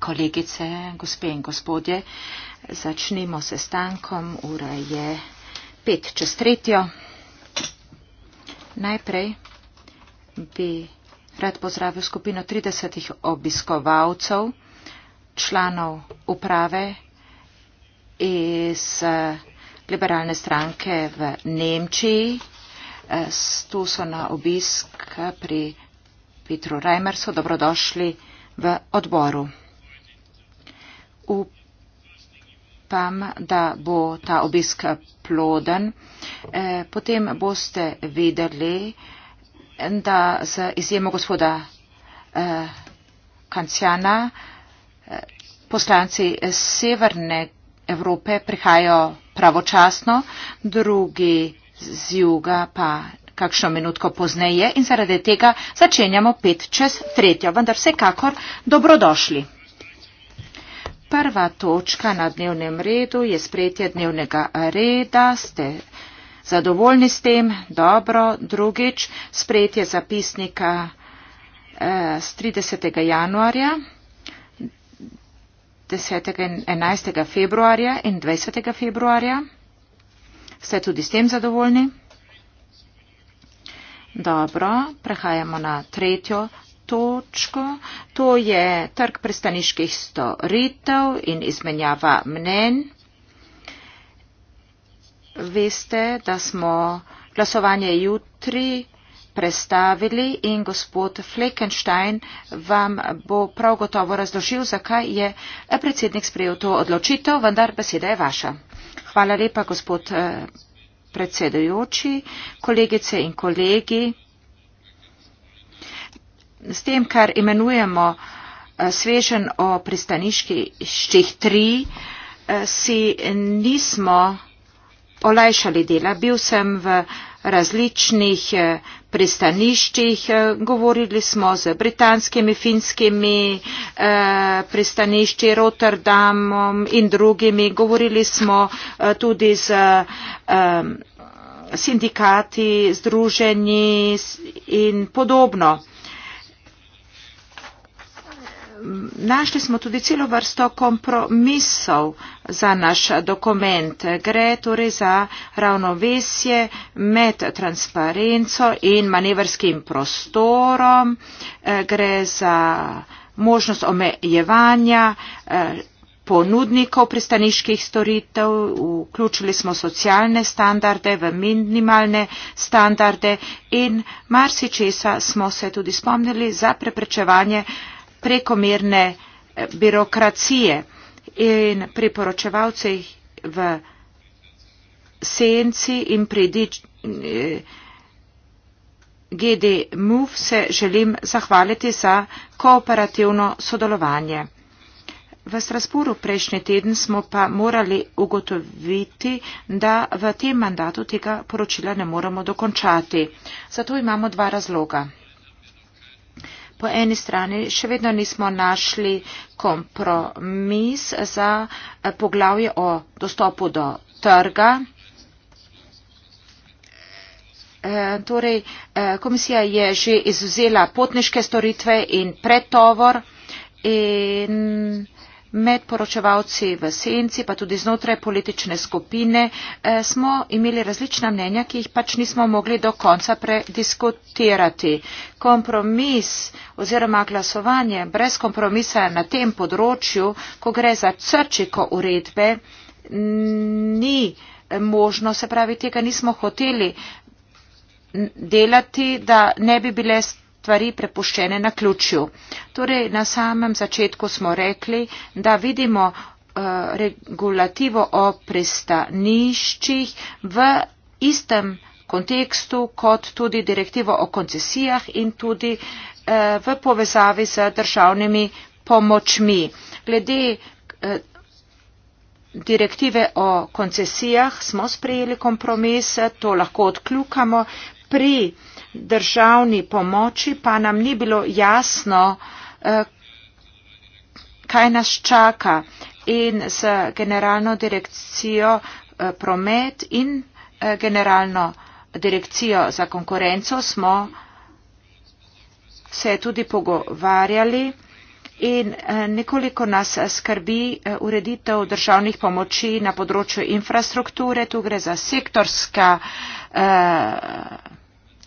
Kolegice, gospe in gospodje, začnimo se stankom. Ura je pet čez tretjo. Najprej bi rad pozdravil skupino 30 obiskovalcev, članov uprave iz eh, liberalne stranke v Nemčiji. Eh, tu so na obisk pri Petru Reimersu, dobrodošli v odboru. Upam, da bo ta obisk ploden. E, potem boste vedeli, da z izjemo gospoda e, Kancjana e, poslanci Severne Evrope prihajajo pravočasno, drugi z juga pa kakšno minutko pozneje in zaradi tega začenjamo pet čez tretjo, vendar vsekakor dobrodošli. Prva točka na dnevnem redu je sprejetje dnevnega reda. Ste zadovoljni s tem? Dobro. Drugič, sprejetje zapisnika z eh, 30. januarja, 10. in 11. februarja in 20. februarja. Ste tudi s tem zadovoljni? Dobro, prehajamo na tretjo točko. To je trg pristaniških storitev in izmenjava mnen. Veste, da smo glasovanje jutri prestavili in gospod Fleckenstein vam bo prav gotovo razložil, zakaj je predsednik sprejel to odločitev, vendar beseda je vaša. Hvala lepa, gospod eh, predsedujoči, kolegice in kolegi. S tem, kar imenujemo eh, svežen o pristaniških tri, eh, si nismo olajšali dela. Bil sem v različnih eh, pristaniščih. Eh, govorili smo z britanskimi, finskimi eh, pristanišči, Rotterdamom in drugimi. Govorili smo tudi z sindikati, združenji in podobno našli smo tudi celo vrsto kompromisov za naš dokument. Gre torej za ravnovesje med transparenco in manevrskim prostorom, eh, gre za možnost omejevanja eh, ponudnikov pristaniških storitev, vključili smo socialne standarde v minimalne standarde in marsičesa smo se tudi spomnili za preprečevanje prekomerne eh, birokracije in priporočevalci v senci in pri GD eh, MUF se želim zahvaliti za kooperativno sodelovanje. V Strasburu prejšnji teden smo pa morali ugotoviti, da v tem mandatu tega poročila ne moremo dokončati. Zato imamo dva razloga. Po eni strani še vedno nismo našli kompromis za eh, poglavje o dostopu do trga. Eh, torej, eh, komisija je že izuzela potniške storitve in pretovor in med poročevalci v senci, pa tudi znotraj politične skupine, eh, smo imeli različna mnenja, ki jih pač nismo mogli do konca prediskutirati. Kompromis oziroma glasovanje brez kompromisa na tem področju, ko gre za crčiko uredbe, ni eh, možno, se pravi, tega nismo hoteli delati, da ne bi bile stvari prepuščene na ključju. Torej, na samem začetku smo rekli, da vidimo uh, regulativo o pristaniščih v istem kontekstu kot tudi direktivo o koncesijah in tudi uh, v povezavi z državnimi pomočmi. Glede uh, direktive o koncesijah smo sprejeli kompromis, to lahko odkljukamo. Pri uh, državni pomoči pa nam ni bilo jasno, eh, kaj nas čaka in z generalno direkcijo eh, promet in eh, generalno direkcijo za konkurenco smo se tudi pogovarjali in nekoliko nas skrbi ureditev državnih pomoči na področju infrastrukture, tu gre za sektorska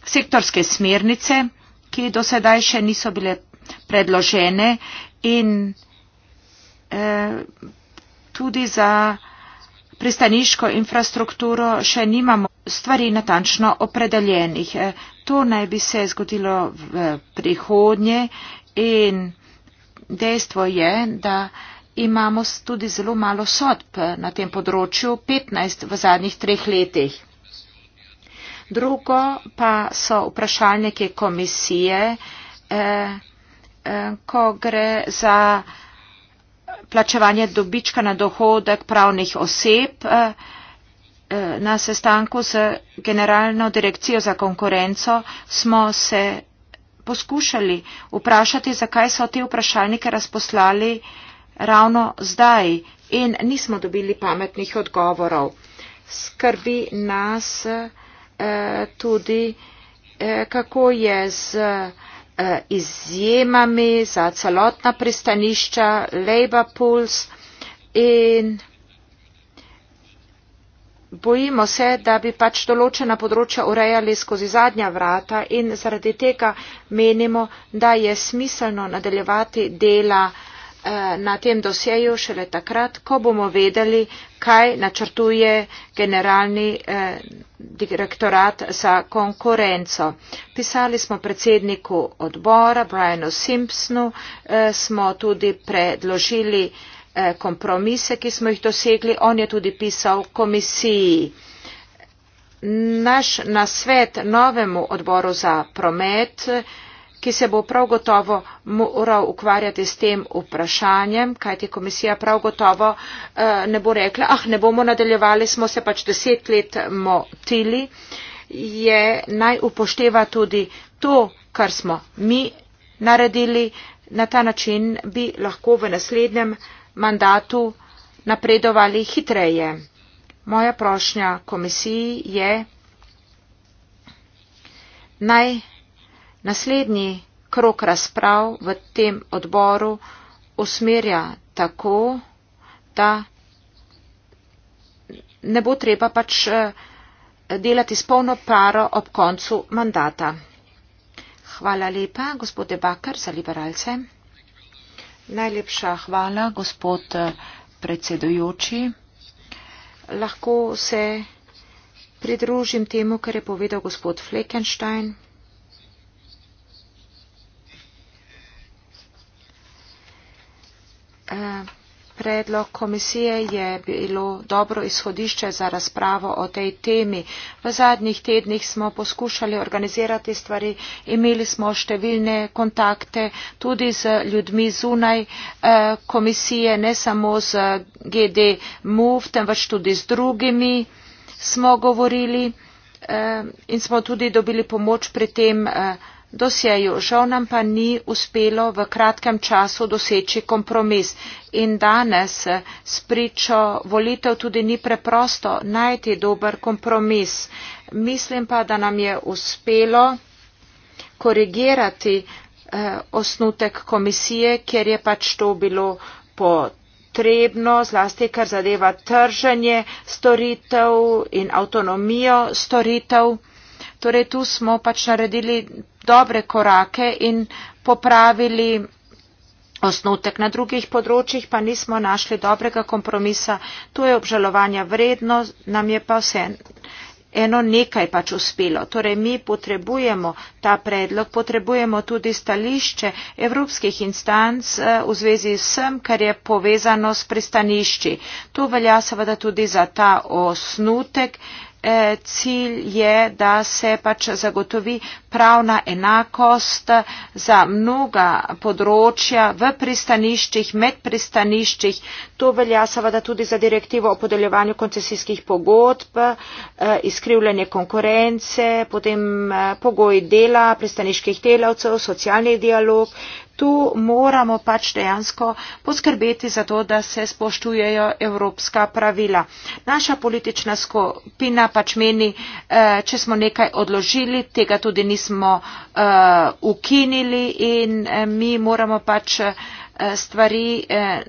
sektorske smernice, ki do sedaj še niso bile predložene in eh, tudi za pristaniško infrastrukturo še nimamo stvari natančno opredeljenih. Eh, to naj bi se zgodilo v eh, prihodnje in dejstvo je, da imamo tudi zelo malo sodb na tem področju, 15 v zadnjih treh letih. Drugo pa so vprašalniki komisije, eh, eh, ko gre za plačevanje dobička na dohodek pravnih oseb eh, na sestanku z generalno direkcijo za konkurenco smo se poskušali vprašati, zakaj so te vprašalnike razposlali ravno zdaj in nismo dobili pametnih odgovorov. Skrbi nas, Eh, tudi, eh, kako je z eh, izjemami za celotna pristanišča Labour Pulse in bojimo se, da bi pač določena področja urejali skozi zadnja vrata in zaradi tega menimo, da je smiselno nadaljevati dela uh, Eh, na tem dosjeju šele takrat, ko bomo vedeli, kaj načrtuje generalni eh, direktorat za konkurenco. Pisali smo predsedniku odbora Brianu Simpsonu, eh, smo tudi predložili kompromise, ki smo jih dosegli, on je tudi pisal komisiji. Naš nasvet novemu odboru za promet ki se bo prav gotovo moral ukvarjati s tem vprašanjem, kajti komisija prav gotovo eh, ne bo rekla, ah, ne bomo nadaljevali, smo se pač deset let motili, je naj upošteva tudi to, kar smo mi naredili. Na ta način bi lahko v naslednjem mandatu napredovali hitreje. Moja prošnja komisiji je naj Naslednji krok razprav v tem odboru usmerja tako, da ne bo treba pač eh, delati s polno paro ob koncu mandata. Hvala lepa, gospode Bakar, za liberalce. Najlepša hvala, gospod eh, predsedujoči. Lahko se pridružim temu, kar je povedal gospod Fleckenstein. Predlog komisije je bilo dobro izhodišče za razpravo o tej temi. V zadnjih tednih smo poskušali organizirati stvari, imeli smo številne kontakte tudi z ljudmi zunaj eh, komisije, ne samo z GD MUF, temveč tudi z drugimi smo govorili eh, in smo tudi dobili pomoč pri tem. Eh, dosjeju. Žal nam pa ni uspelo v kratkem času doseči kompromis. In danes s pričo volitev tudi ni preprosto najti dober kompromis. Mislim pa, da nam je uspelo korigirati eh, osnutek komisije, ker je pač to bilo potrebno, zlasti kar zadeva trženje storitev in avtonomijo storitev. Torej, tu smo pač naredili dobre korake in popravili osnutek. Na drugih področjih pa nismo našli dobrega kompromisa. To je obžalovanja vredno, nam je pa vse eno nekaj pač uspelo. Torej, mi potrebujemo ta predlog, potrebujemo tudi stališče evropskih instanc eh, v zvezi s vsem, kar je povezano s pristanišči. To velja seveda tudi za ta osnutek. Eh, cilj je, da se pač zagotovi pravna enakost za mnoga področja v pristaniščih, med pristaniščih. To velja seveda tudi za direktivo o podeljevanju koncesijskih pogodb, eh, izkrivljanje konkurence, potem eh, pogoji dela pristaniških delavcev, socialni dialog. Tu moramo pač dejansko poskrbeti za to, da se spoštujejo evropska pravila. Naša politična skupina pač meni, eh, če smo nekaj odložili, tega tudi nismo smo uh, ukinili in uh, mi moramo pač uh, stvari uh,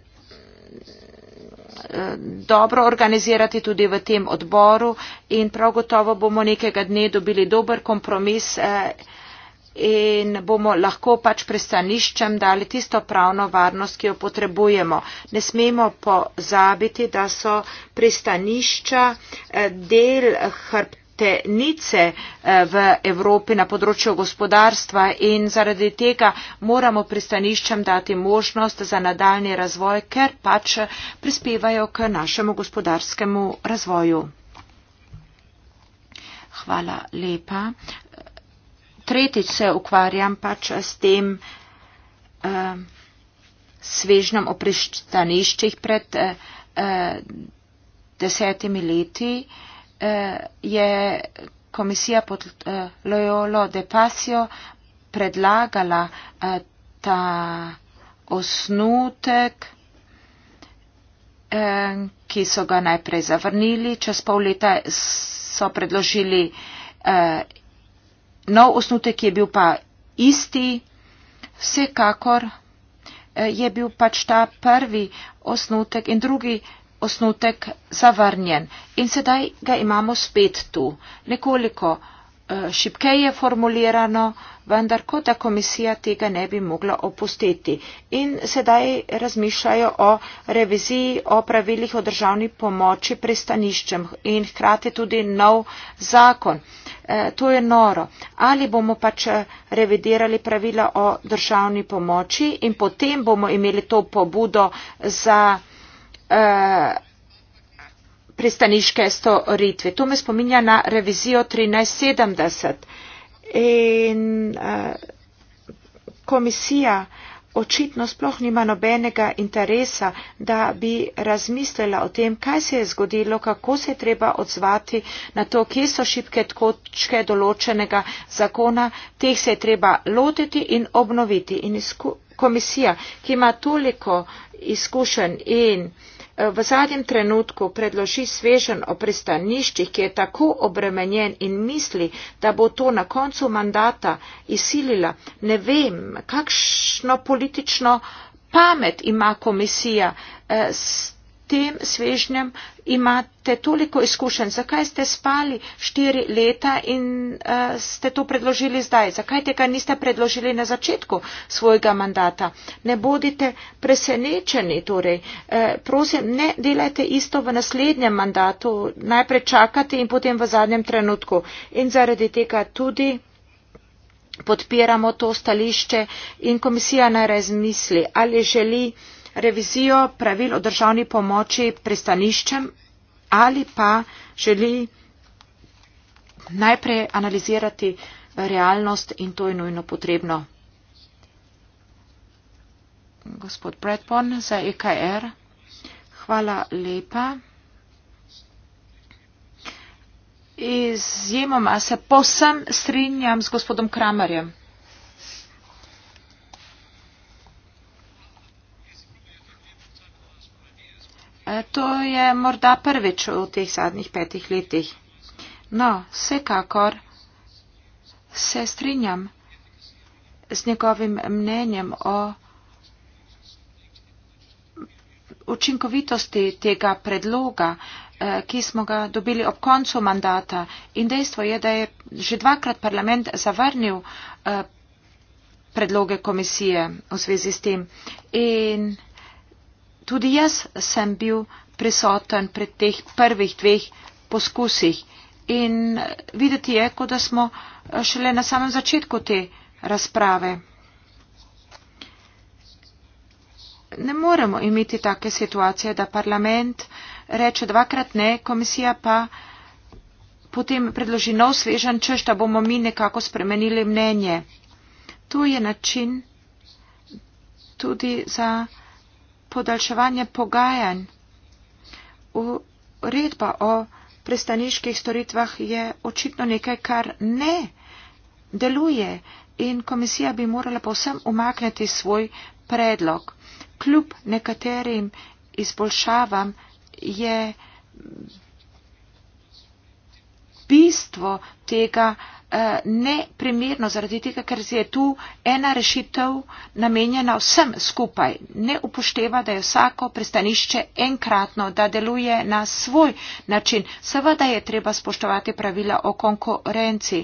dobro organizirati tudi v tem odboru in prav gotovo bomo nekega dne dobili dober kompromis. Uh, in bomo lahko pač pristaniščem dali tisto pravno varnost, ki jo potrebujemo. Ne smemo pozabiti, da so pristanišča del hrbta hrbtenice eh, v Evropi na področju gospodarstva in zaradi tega moramo pristaniščem dati možnost za nadaljni razvoj, ker pač prispevajo k našemu gospodarskemu razvoju. Hvala lepa. Tretjič se ukvarjam pač s tem eh, svežnjem o pristaniščih pred eh, eh desetimi leti. Eh, eh, je komisija pod eh, Loyolo de Pasio predlagala eh, ta osnutek, eh, ki so ga najprej zavrnili, čez pol leta so predložili eh, nov osnutek, ki je bil pa isti, vsekakor eh, je bil pač ta prvi osnutek in drugi osnutek zavrnjen in sedaj ga imamo spet tu. Nekoliko eh, šipkeje formulirano, vendar kot da komisija tega ne bi mogla opustiti. In sedaj razmišljajo o reviziji, o pravilih o državni pomoči pristaniščem in hkrati tudi nov zakon. E, to je noro. Ali bomo pač eh, revidirali pravila o državni pomoči in potem bomo imeli to pobudo za. Eh, pristaniške storitve. To me spominja na revizijo 1370. In eh, komisija očitno sploh nima nobenega interesa, da bi razmislila o tem, kaj se je zgodilo, kako se je treba odzvati na to, kje so šipke točke določenega zakona, teh se je treba lotiti in obnoviti. In komisija, ki ima toliko izkušenj in uh, Eh, v zadnjem trenutku predloži svežen o pristaniščih, ki je tako obremenjen in misli, da bo to na koncu mandata izsilila, ne vem, kakšno politično pamet ima komisija eh, s tem svežnjem imate toliko izkušenj, zakaj ste spali štiri leta in uh, ste to predložili zdaj, zakaj tega niste predložili na začetku svojega mandata. Ne bodite presenečeni, torej, uh, prosim, ne delajte isto v naslednjem mandatu, najprej čakate in potem v zadnjem trenutku. In zaradi tega tudi podpiramo to stališče in komisija naj razmisli, ali želi. Uh, revizijo pravil o državni pomoči pristaniščem ali pa želi najprej analizirati realnost in to je nujno potrebno. Gospod Bradbourne za EKR, hvala lepa. Izjemoma se posem strinjam z gospodom Kramerjem. E, to je morda prvič v teh zadnjih petih letih. No, vsekakor se strinjam z njegovim mnenjem o učinkovitosti tega predloga, e, ki smo ga dobili ob koncu mandata. In dejstvo je, da je že dvakrat parlament zavrnil e, predloge komisije v zvezi s tem. In Tudi jaz sem bil prisoten pri teh prvih dveh poskusih in eh, videti je, kot da smo eh, šele na samem začetku te razprave. Ne moremo imeti take situacije, da parlament reče dvakrat ne, komisija pa potem predloži nov svežen češ, da bomo mi nekako spremenili mnenje. To je način tudi za podaljševanje pogajanj. Uredba o pristaniških storitvah je očitno nekaj, kar ne deluje in komisija bi morala povsem umakniti svoj predlog. Kljub nekaterim izboljšavam je bistvo tega ne primerno zaradi tega, ker je tu ena rešitev namenjena vsem skupaj. Ne upošteva, da je vsako pristanišče enkratno, da deluje na svoj način. Seveda je treba spoštovati pravila o konkurenci.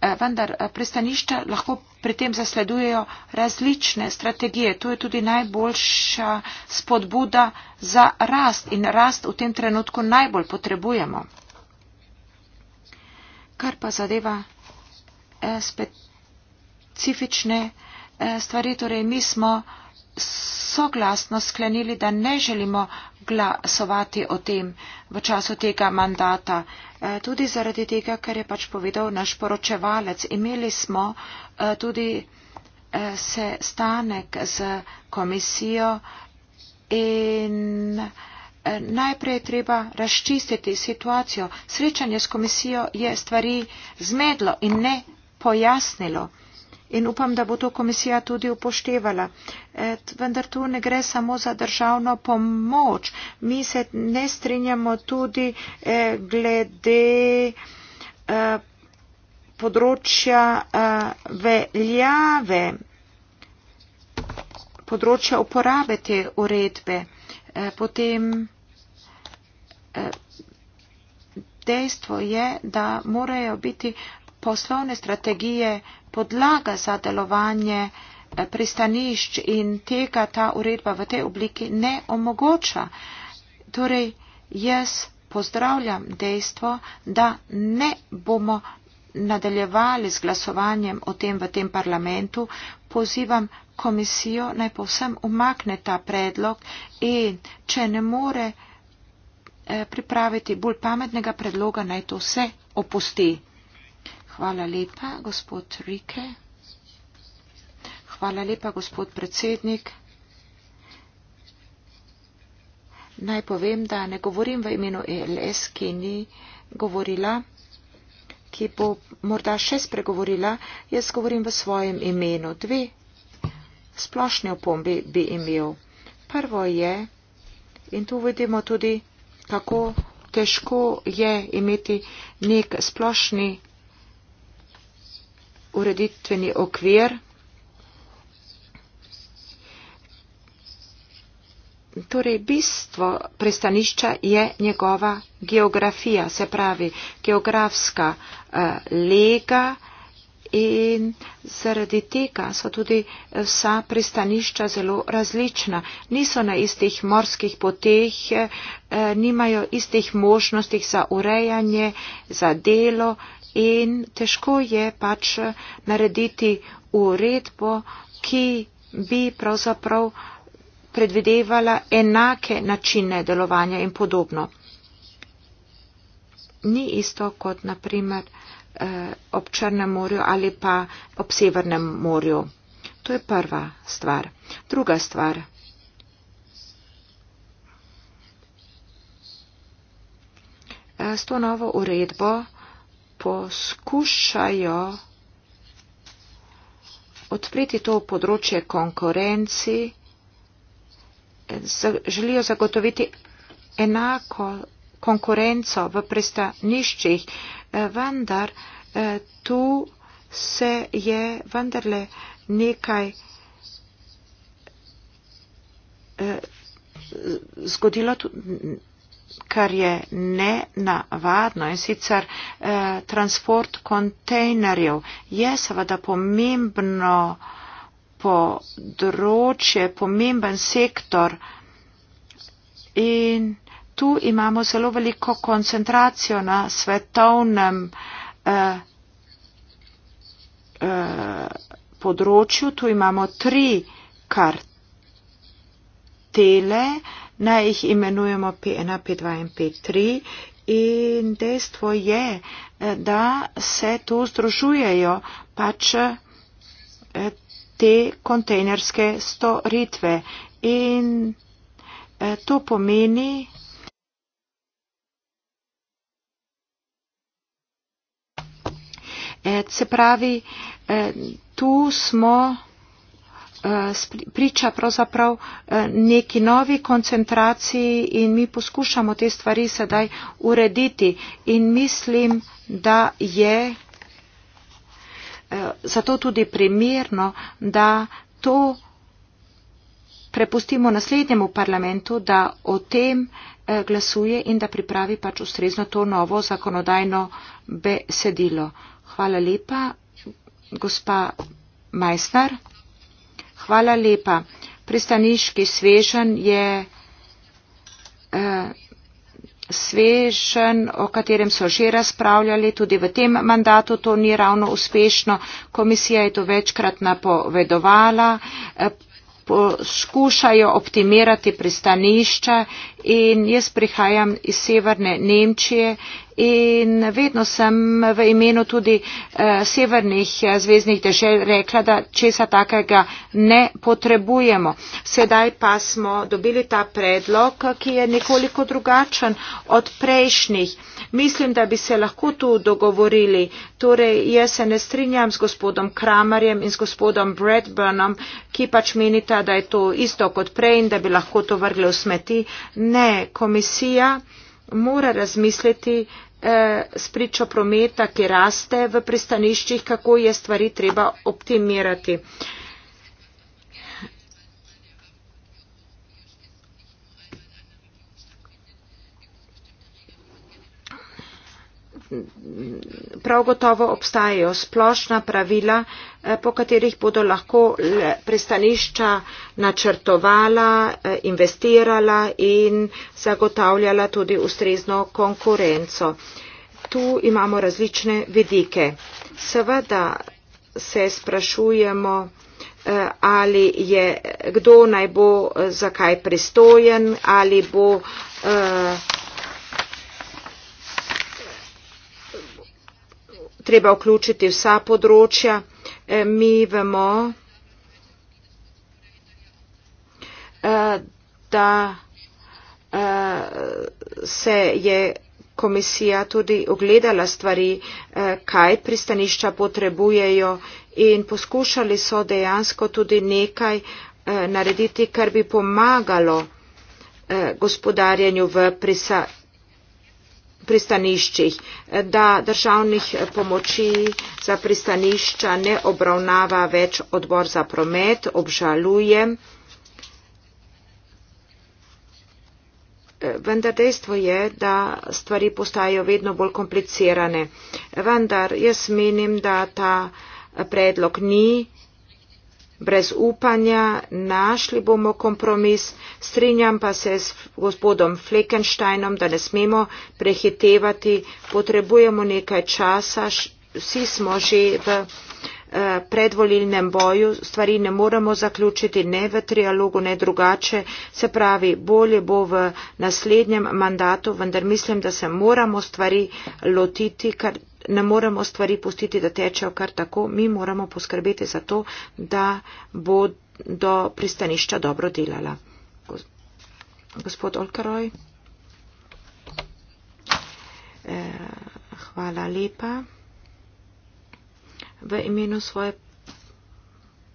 Eh, vendar eh, pristanišča lahko pri tem zasledujejo različne strategije. To je tudi najboljša spodbuda za rast in rast v tem trenutku najbolj potrebujemo kar pa zadeva eh, specifične eh, stvari. Torej, mi smo soglasno sklenili, da ne želimo glasovati o tem v času tega mandata. Eh, tudi zaradi tega, ker je pač povedal naš poročevalec. Imeli smo tudi se stanek z komisijo in najprej je treba razčistiti situacijo. Srečanje s komisijo je stvari zmedlo in ne pojasnilo. In upam, da bo to komisija tudi upoštevala. Et, vendar tu ne gre samo za državno pomoč. Mi se ne strinjamo tudi eh, glede eh, področja eh, veljave, področja uporabe te uredbe. Eh, potem dejstvo je, da morajo biti poslovne strategije podlaga za delovanje eh, pristanišč in tega ta uredba v tej obliki ne omogoča. Torej, jaz pozdravljam dejstvo, da ne bomo nadaljevali z glasovanjem o tem v tem parlamentu. Pozivam komisijo naj povsem umakne ta predlog in če ne more Eh, pripraviti bolj pametnega predloga, naj to vse opusti. Hvala lepa, gospod Rike. Hvala lepa, gospod predsednik. Naj povem, da ne govorim v imenu ELS, ki ni govorila, ki bo morda še spregovorila, jaz govorim v svojem imenu. Dve splošne opombe bi imel. Prvo je, in tu vidimo tudi kako težko je imeti nek splošni ureditveni okvir. Torej, bistvo pristanišča je njegova geografija, se pravi geografska uh, lega. In zaradi tega so tudi vsa pristanišča zelo različna. Niso na istih morskih poteh, eh, nimajo istih možnosti za urejanje, za delo in težko je pač narediti uredbo, ki bi pravzaprav predvidevala enake načine delovanja in podobno ni isto kot naprimer eh, ob Črnem morju ali pa ob Severnem morju. To je prva stvar. Druga stvar. Eh, s to novo uredbo poskušajo odpreti to področje konkurenci, eh, želijo zagotoviti enako konkurenco v pristaniščih, eh, vendar eh, tu se je vendarle nekaj eh, zgodilo, kar je nenavadno in sicer transport kontejnerjev je seveda pomembno področje, pomemben sektor in tu imamo zelo veliko koncentracijo na svetovnem uh, uh, področju. Tu imamo tri kartele, naj jih imenujemo P1, P2 in P3. In dejstvo je, eh, da se tu združujejo pač te kontejnerske storitve. In to pomeni, E, se pravi, e, tu smo e, priča pravzaprav neki novi koncentraciji in mi poskušamo te stvari sedaj urediti in mislim, da je zato tudi primerno, da to prepustimo naslednjemu parlamentu, da o tem glasuje in da pripravi pač ustrezno to novo zakonodajno besedilo. Hvala lepa, gospa Majstar. Hvala lepa. Pristaniški svežen je eh, svežen, o katerem so že razpravljali, tudi v tem mandatu to ni ravno uspešno. Komisija je to večkrat napovedovala. Eh, poskušajo optimirati pristanišča in jaz prihajam iz severne Nemčije in vedno sem v imenu tudi eh, severnih eh, zvezdnih dežel rekla, da česa takega ne potrebujemo. Sedaj pa smo dobili ta predlog, ki je nekoliko drugačen od prejšnjih. Mislim, da bi se lahko tu dogovorili. Torej, jaz se ne strinjam z gospodom Kramarjem in z gospodom Bradburnom, ki pač menita, da je to isto kot prej in da bi lahko to vrgli v smeti. Ne, komisija mora razmisliti, Eh, spričo prometa, ki raste v pristaniščih, kako je stvari treba optimirati. prav gotovo obstajajo splošna pravila, eh, po katerih bodo lahko pristanišča načrtovala, eh, investirala in zagotavljala tudi ustrezno konkurenco. Tu imamo različne vedike. Seveda se sprašujemo, eh, ali je kdo naj bo zakaj pristojen, ali bo treba vključiti vsa področja. Eh, mi vemo, eh, da eh, se je komisija tudi ogledala stvari, kaj pristanišča potrebujejo in poskušali so dejansko tudi nekaj narediti, kar bi pomagalo gospodarjenju v pristaniščih, da državnih pomoči za pristanišča ne obravnava več odbor za promet, obžaluje. Vendar dejstvo je, da stvari postajajo vedno bolj komplicirane. Vendar jaz menim, da ta predlog ni brez upanja, našli bomo kompromis, strinjam pa se s gospodom Fleckensteinom, da ne smemo prehitevati, potrebujemo nekaj časa, vsi smo že v eh, predvolilnem boju, stvari ne moremo zaključiti ne v trialogu, ne drugače, se pravi, bolje bo v naslednjem mandatu, vendar mislim, da se moramo stvari lotiti, kar ne moremo stvari pustiti, da tečejo kar tako, mi moramo poskrbeti za to, da bodo pristanišča dobro delala. Gospod Olkaroj. Eh, hvala lepa. V imenu svoje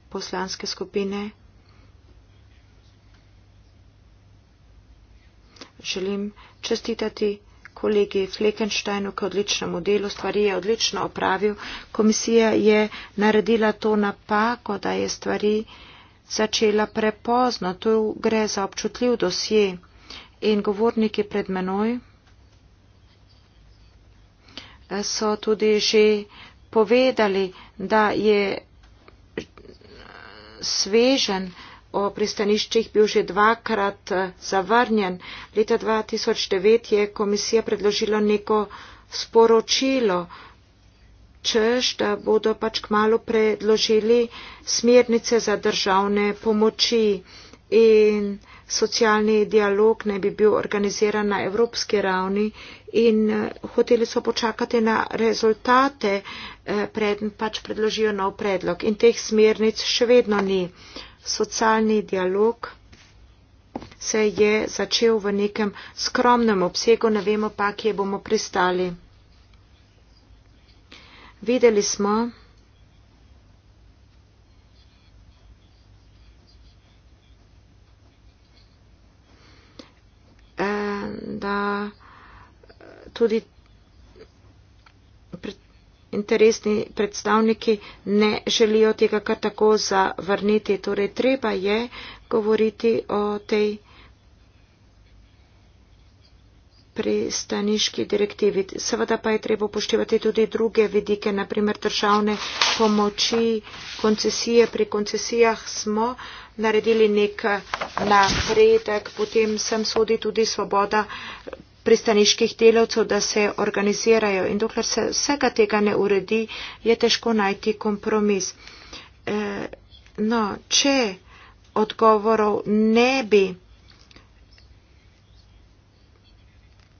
poslanske skupine želim čestitati kolegi Fleckensteinu, ki odličnemu delu stvari je odlično opravil. Komisija je naredila to napako, da je stvari začela prepozno. Tu gre za občutljiv dosje in govorniki pred menoj eh, so tudi že povedali, da je svežen o pristaniščih bil že dvakrat eh, zavrnjen. Leta 2009 je komisija predložila neko sporočilo, češ, da bodo pač k malu predložili smernice za državne pomoči in socialni dialog ne bi bil organiziran na evropski ravni in eh, hoteli so počakati na rezultate, eh, pred, pač predložijo nov predlog in teh smernic še vedno ni socialni dialog se je začel v nekem skromnem obsegu, ne vemo pa, kje bomo pristali. Videli smo, eh, da tudi interesni predstavniki ne želijo tega kar tako zavrniti. Torej, treba je govoriti o tej pristaniški direktivi. Seveda pa je treba upoštevati tudi druge vidike, naprimer državne pomoči, koncesije. Pri koncesijah smo naredili nek napredek, potem sem sodi tudi svoboda pristaniških delavcev, da se organizirajo in dokler se vsega tega ne uredi, je težko najti kompromis. E, no, če odgovorov ne bi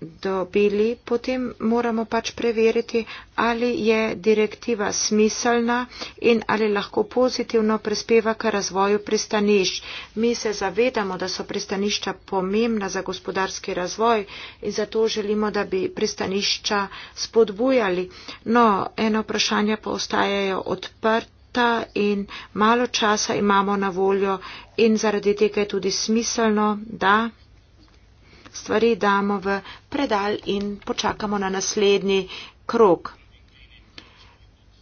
dobili, potem moramo pač preveriti, ali je direktiva smiselna in ali lahko pozitivno prispeva k razvoju pristanišč. Mi se zavedamo, da so pristanišča pomembna za gospodarski razvoj in zato želimo, da bi pristanišča spodbujali. No, eno vprašanje pa ostajajo odprte in malo časa imamo na voljo in zaradi tega je tudi smiselno, da stvari damo v predal in počakamo na naslednji krok.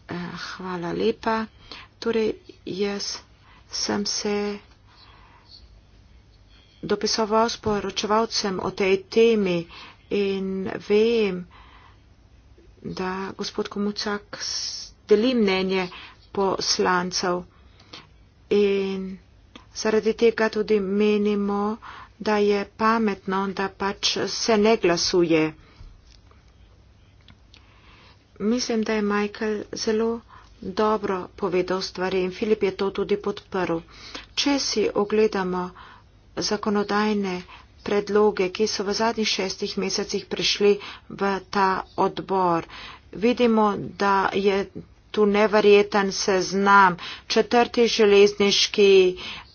Eh, hvala lepa. Torej, jaz sem se dopisoval s poročevalcem o tej temi in vem, da gospod Komucak deli mnenje poslancev in zaradi tega tudi menimo, da je pametno, da pač se ne glasuje. Mislim, da je Michael zelo dobro povedal stvari in Filip je to tudi podprl. Če si ogledamo zakonodajne predloge, ki so v zadnjih šestih mesecih prišli v ta odbor, vidimo, da je tu neverjeten seznam, četrti železniški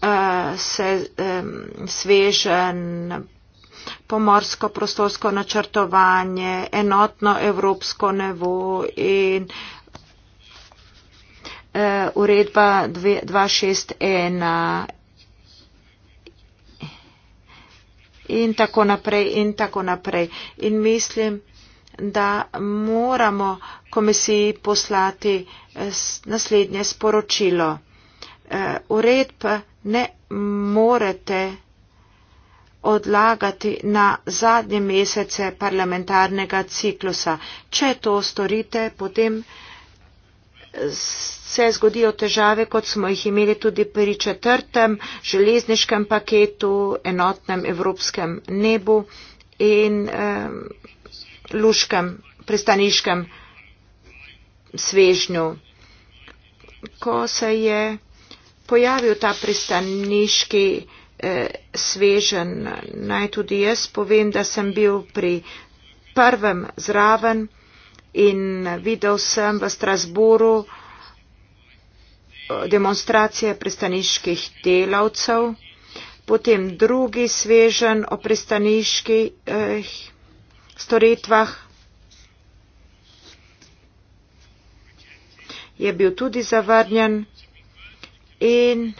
Eh, se svežen pomorsko prostorsko načrtovanje, enotno evropsko nevo in eh, uredba 261 in tako naprej in tako naprej. In mislim, da moramo komisiji poslati eh, naslednje sporočilo. Uredba 261 ne morete odlagati na zadnje mesece parlamentarnega ciklusa. Če to storite, potem se zgodijo težave, kot smo jih imeli tudi pri četrtem železniškem paketu, enotnem evropskem nebu in eh, luškem pristaniškem svežnju. Ko se je pojavil ta pristaniški eh, svežen. Naj tudi jaz povem, da sem bil pri prvem zraven in videl sem v Strasboru eh, demonstracije pristaniških delavcev, potem drugi svežen o pristaniških eh, storitvah. Je bil tudi zavrnjen in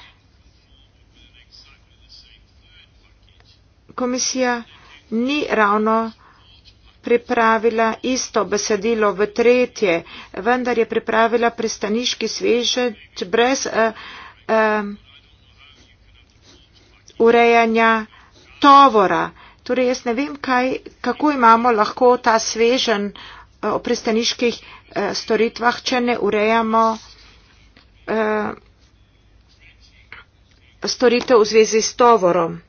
komisija ni ravno pripravila isto besedilo v tretje, vendar je pripravila pristaniški svežeč brez uh, uh, urejanja tovora. Torej jaz ne vem, kaj, kako imamo lahko ta svežen uh, eh, o pristaniških uh, storitvah, če ne urejamo uh, storitev v zvezi s tovorom.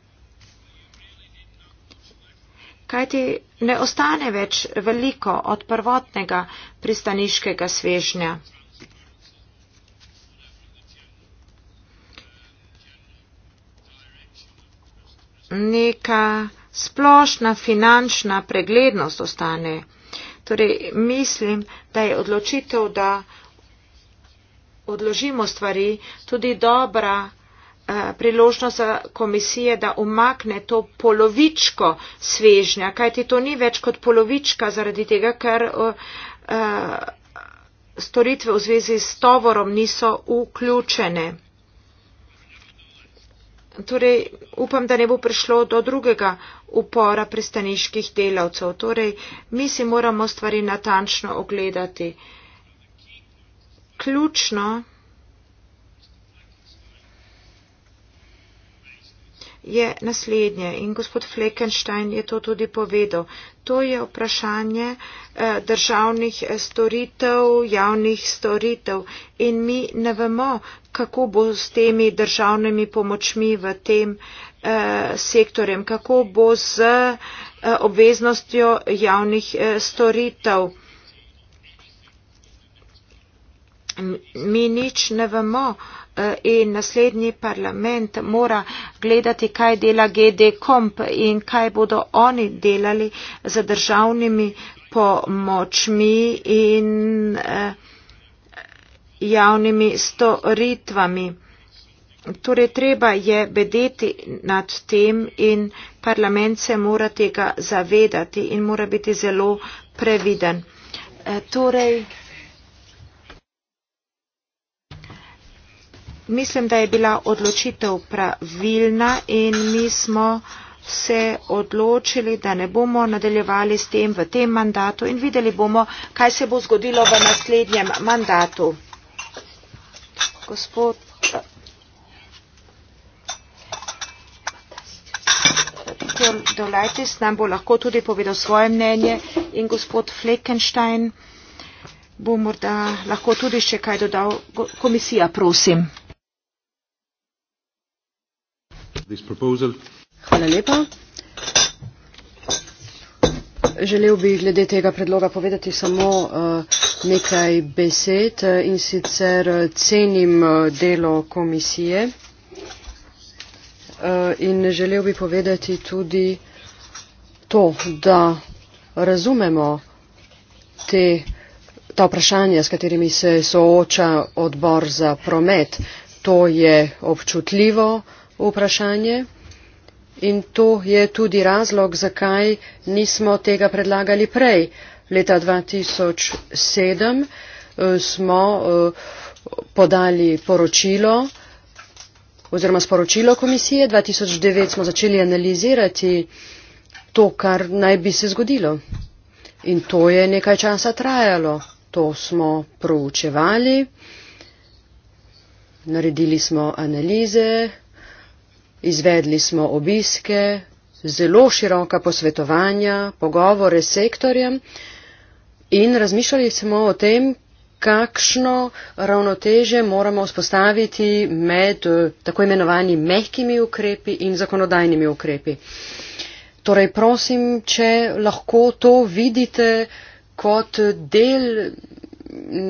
Kaj ti ne ostane več veliko od prvotnega pristaniškega svežnja? Neka splošna finančna preglednost ostane. Torej, mislim, da je odločitev, da odložimo stvari, tudi dobra Eh, priložnost za komisije, da umakne to polovičko svežnja, kajti to ni več kot polovička zaradi tega, ker eh, storitve v zvezi s tovorom niso vključene. Torej, upam, da ne bo prišlo do drugega upora pristaniških delavcev. Torej, mi si moramo stvari natančno ogledati. Ključno je naslednje in gospod Fleckenstein je to tudi povedal. To je vprašanje eh, državnih eh, storitev, javnih storitev in mi ne vemo, kako bo s temi državnimi pomočmi v tem eh, sektorjem, kako bo z obveznostjo javnih storitev. Mi nič ne vemo, in naslednji parlament mora gledati, kaj dela GD Komp in kaj bodo oni delali za državnimi pomočmi in eh, javnimi storitvami. Torej, treba je bedeti nad tem in parlament se mora tega zavedati in mora biti zelo previden. Eh, torej, Mislim, da je bila odločitev pravilna in mi smo se odločili, da ne bomo nadaljevali s tem v tem mandatu in videli bomo, kaj se bo zgodilo v naslednjem mandatu. Gospod. Dolajtis nam bo lahko tudi povedal svoje mnenje in gospod Fleckenstein bo morda lahko tudi še kaj dodal. Komisija, prosim. this proposal. Hvala lepa. Želel bi glede tega predloga povedati samo eh, nekaj besed eh, in sicer eh, cenim delo komisije in želel bi povedati tudi to, da razumemo te, ta vprašanja, s katerimi se sooča odbor za promet. To je občutljivo, vprašanje in to je tudi razlog, zakaj nismo tega predlagali prej. Leta 2007 eh, smo eh, podali poročilo oziroma sporočilo komisije, 2009 smo začeli analizirati to, kar naj bi se zgodilo. In to je nekaj časa trajalo. To smo proučevali, naredili smo analize, izvedli smo obiske, zelo široka posvetovanja, pogovore s sektorjem in razmišljali smo o tem, kakšno ravnoteže moramo vzpostaviti med eh, tako imenovanimi mehkimi ukrepi in zakonodajnimi ukrepi. Torej, prosim, če lahko to vidite kot del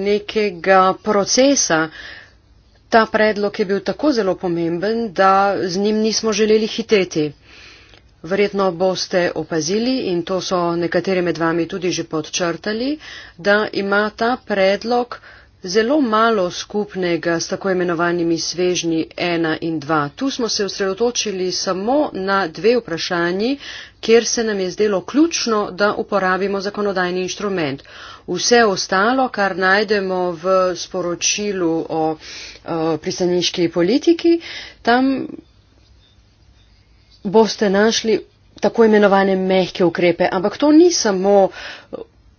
nekega procesa, Ta predlog je bil tako zelo pomemben, da z njim nismo želeli hiteti. Verjetno boste opazili, in to so nekateri med vami tudi že podčrtali, da ima ta predlog Zelo malo skupnega s tako imenovanimi svežnji 1 in 2. Tu smo se osredotočili samo na dve vprašanji, kjer se nam je zdelo ključno, da uporabimo zakonodajni inštrument. Vse ostalo, kar najdemo v sporočilu o, o pristaniški politiki, tam boste našli tako imenovane mehke ukrepe. Ampak to ni samo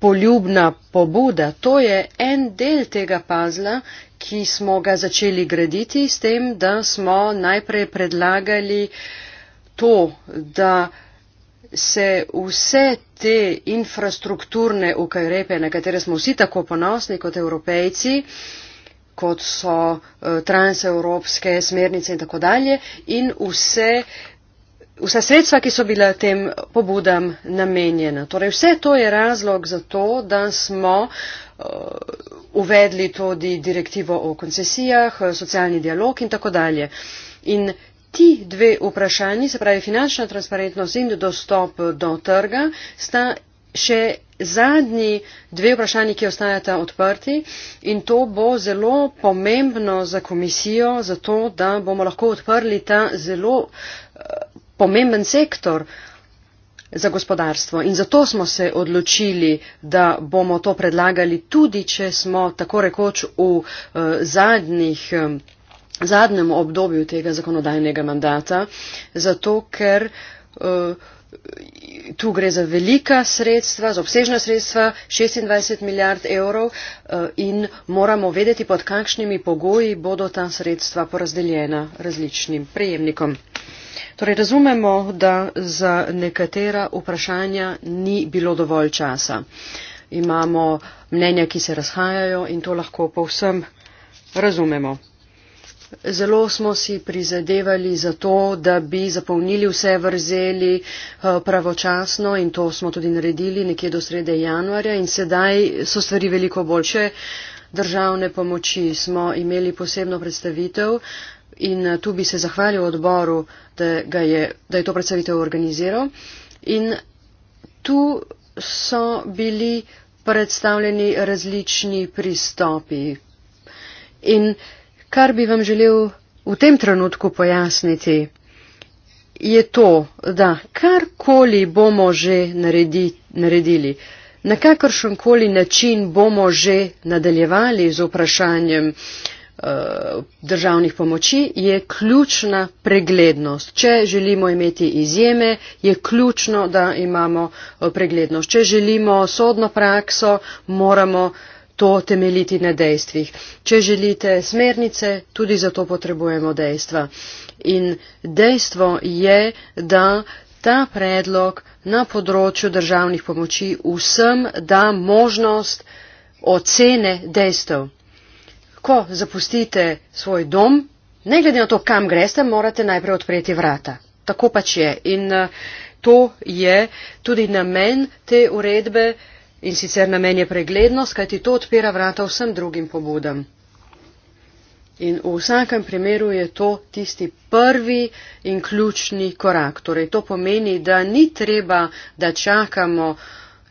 poljubna pobuda, to je en del tega pazla, ki smo ga začeli graditi s tem, da smo najprej predlagali to, da se vse te infrastrukturne ukrepe, na katere smo vsi tako ponosni kot evropejci, kot so eh, transevropske smernice in tako dalje, in vse uh, vsa sredstva, ki so bila tem pobudam namenjena. Torej, vse to je razlog za to, da smo uh, uvedli tudi direktivo o koncesijah, socialni dialog in tako dalje. In ti dve vprašanji, se pravi finančna transparentnost in dostop do trga, sta še zadnji dve vprašanji, ki ostajata odprti in to bo zelo pomembno za komisijo, zato da bomo lahko odprli ta zelo pomemben sektor za gospodarstvo in zato smo se odločili, da bomo to predlagali tudi, če smo tako rekoč v uh, zadnjih, um, zadnjem obdobju tega zakonodajnega mandata, zato ker uh, tu gre za velika sredstva, za obsežna sredstva, 26 milijard evrov uh, in moramo vedeti, pod kakšnimi pogoji bodo ta sredstva porazdeljena različnim prejemnikom. Torej razumemo, da za nekatera vprašanja ni bilo dovolj časa. Imamo mnenja, ki se razhajajo in to lahko povsem razumemo. Zelo smo si prizadevali za to, da bi zapolnili vse vrzeli eh, pravočasno in to smo tudi naredili nekje do srede januarja in sedaj so stvari veliko boljše. Državne pomoči smo imeli posebno predstavitev, in eh, tu bi se zahvalil odboru, da je, da je to predstavitev organiziral. In tu so bili predstavljeni različni pristopi. In kar bi vam želel v tem trenutku pojasniti, je to, da karkoli bomo že naredi, naredili, na kakršen koli način bomo že nadaljevali z vprašanjem, uh, Eh, državnih pomoči je ključna preglednost. Če želimo imeti izjeme, je ključno, da imamo eh, preglednost. Če želimo sodno prakso, moramo to temeljiti na dejstvih. Če želite smernice, tudi za to potrebujemo dejstva. In dejstvo je, da ta predlog na področju državnih pomoči vsem da možnost ocene dejstev ko zapustite svoj dom, ne glede na to, kam greste, morate najprej odpreti vrata. Tako pač je. In eh, to je tudi namen te uredbe in sicer namen je preglednost, kajti to odpira vrata vsem drugim pobudam. In v vsakem primeru je to tisti prvi in ključni korak. Torej, to pomeni, da ni treba, da čakamo,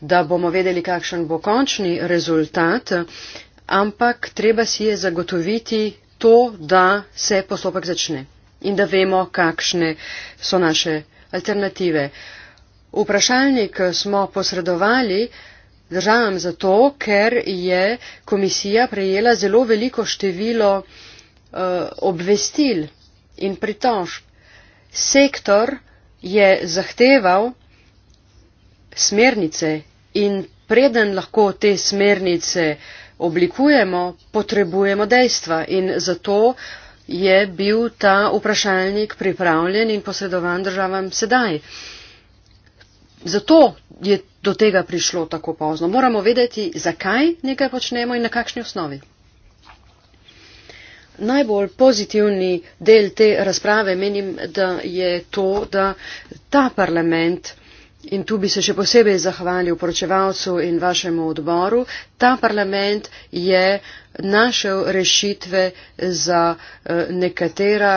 da bomo vedeli, kakšen bo končni rezultat, ampak treba si je zagotoviti to, da se postopek začne in da vemo, kakšne so naše alternative. Vprašalnik smo posredovali državam zato, ker je komisija prejela zelo veliko število uh, obvestil in pritožb. Sektor je zahteval smernice in preden lahko te smernice uh, oblikujemo, potrebujemo dejstva in zato je bil ta vprašalnik pripravljen in posredovan državam sedaj. Zato je do tega prišlo tako pozno. Moramo vedeti, zakaj nekaj počnemo in na kakšni osnovi. Najbolj pozitivni del te razprave menim, da je to, da ta parlament In tu bi se še posebej zahvalil poročevalcu in vašemu odboru. Ta parlament je našel rešitve za eh, nekatera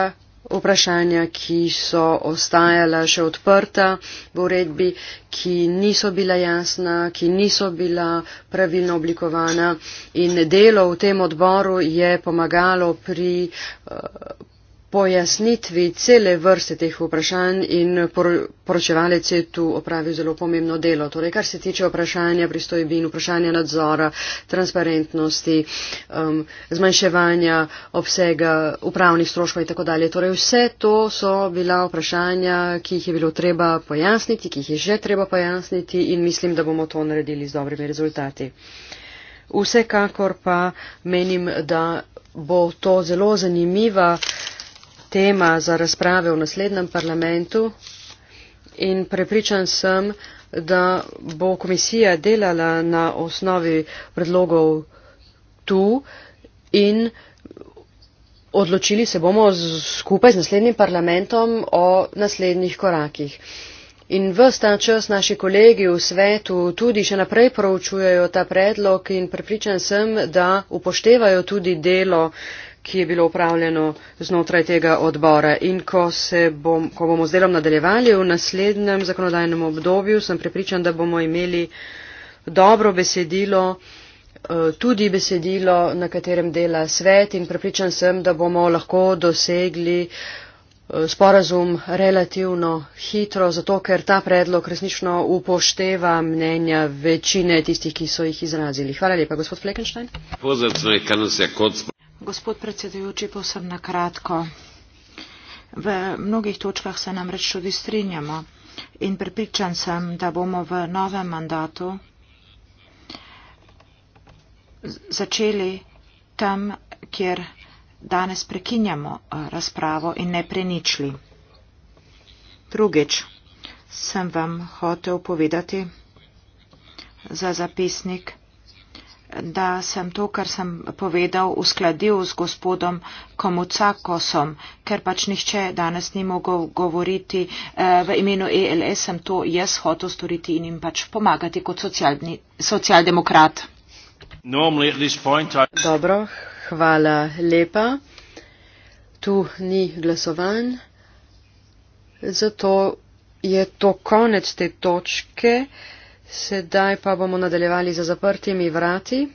vprašanja, ki so ostajala še odprta v uredbi, ki niso bila jasna, ki niso bila pravilno oblikovana. In delo v tem odboru je pomagalo pri eh, pojasnitvi cele vrste teh vprašanj in poročevalec je tu opravil zelo pomembno delo. Torej, kar se tiče vprašanja pristojbin, vprašanja nadzora, transparentnosti, um, zmanjševanja obsega upravnih stroškov in tako dalje. Torej, vse to so bila vprašanja, ki jih je bilo treba pojasniti, ki jih je že treba pojasniti in mislim, da bomo to naredili z dobrimi rezultati. Vsekakor pa menim, da bo to zelo zanimiva tema za razprave v naslednjem parlamentu in prepričan sem, da bo komisija delala na osnovi predlogov tu in odločili se bomo skupaj z naslednjim parlamentom o naslednjih korakih. In v sta čas naši kolegi v svetu tudi še naprej proučujejo ta predlog in prepričan sem, da upoštevajo tudi delo uh, ki je bilo upravljeno znotraj tega odbora. In ko, bom, ko bomo z delom nadaljevali v naslednjem zakonodajnem obdobju, sem prepričan, da bomo imeli dobro besedilo, eh, tudi besedilo, na katerem dela svet in prepričan sem, da bomo lahko dosegli eh, sporazum relativno hitro, zato ker ta predlog resnično upošteva mnenja večine tistih, ki so jih izrazili. Hvala lepa, gospod Fleckenstein. Gospod predsedujoči, povsem na kratko. V mnogih točkah se namreč tudi strinjamo in pripričan sem, da bomo v novem mandatu začeli tam, kjer danes prekinjamo eh, razpravo in ne preničli. Drugič sem vam hotel povedati za zapisnik da sem to, kar sem povedal, uskladil z gospodom Komucakosom, ker pač nihče danes ni mogel govoriti eh, v imenu ELS, sem to jaz hotel storiti in jim pač pomagati kot socialni, socialdemokrat. Dobro, hvala lepa. Tu ni glasovan, zato je to konec te točke. Sedaj pa bomo nadaljevali za zaprtimi vrati.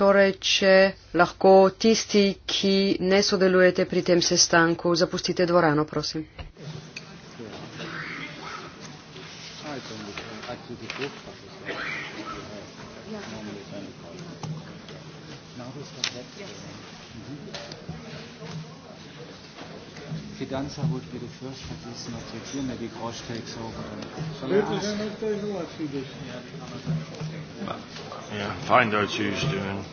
Torej, če lahko tisti, ki ne sodelujete pri tem sestanku, zapustite dvorano, prosim. Yeah. Ja. Now we start that. Yes. Mm -hmm. Fidanza would be the first, but he's not yet here. Maybe Grosch takes over. Then. Shall I ask? Yeah, fine, though, choose doing.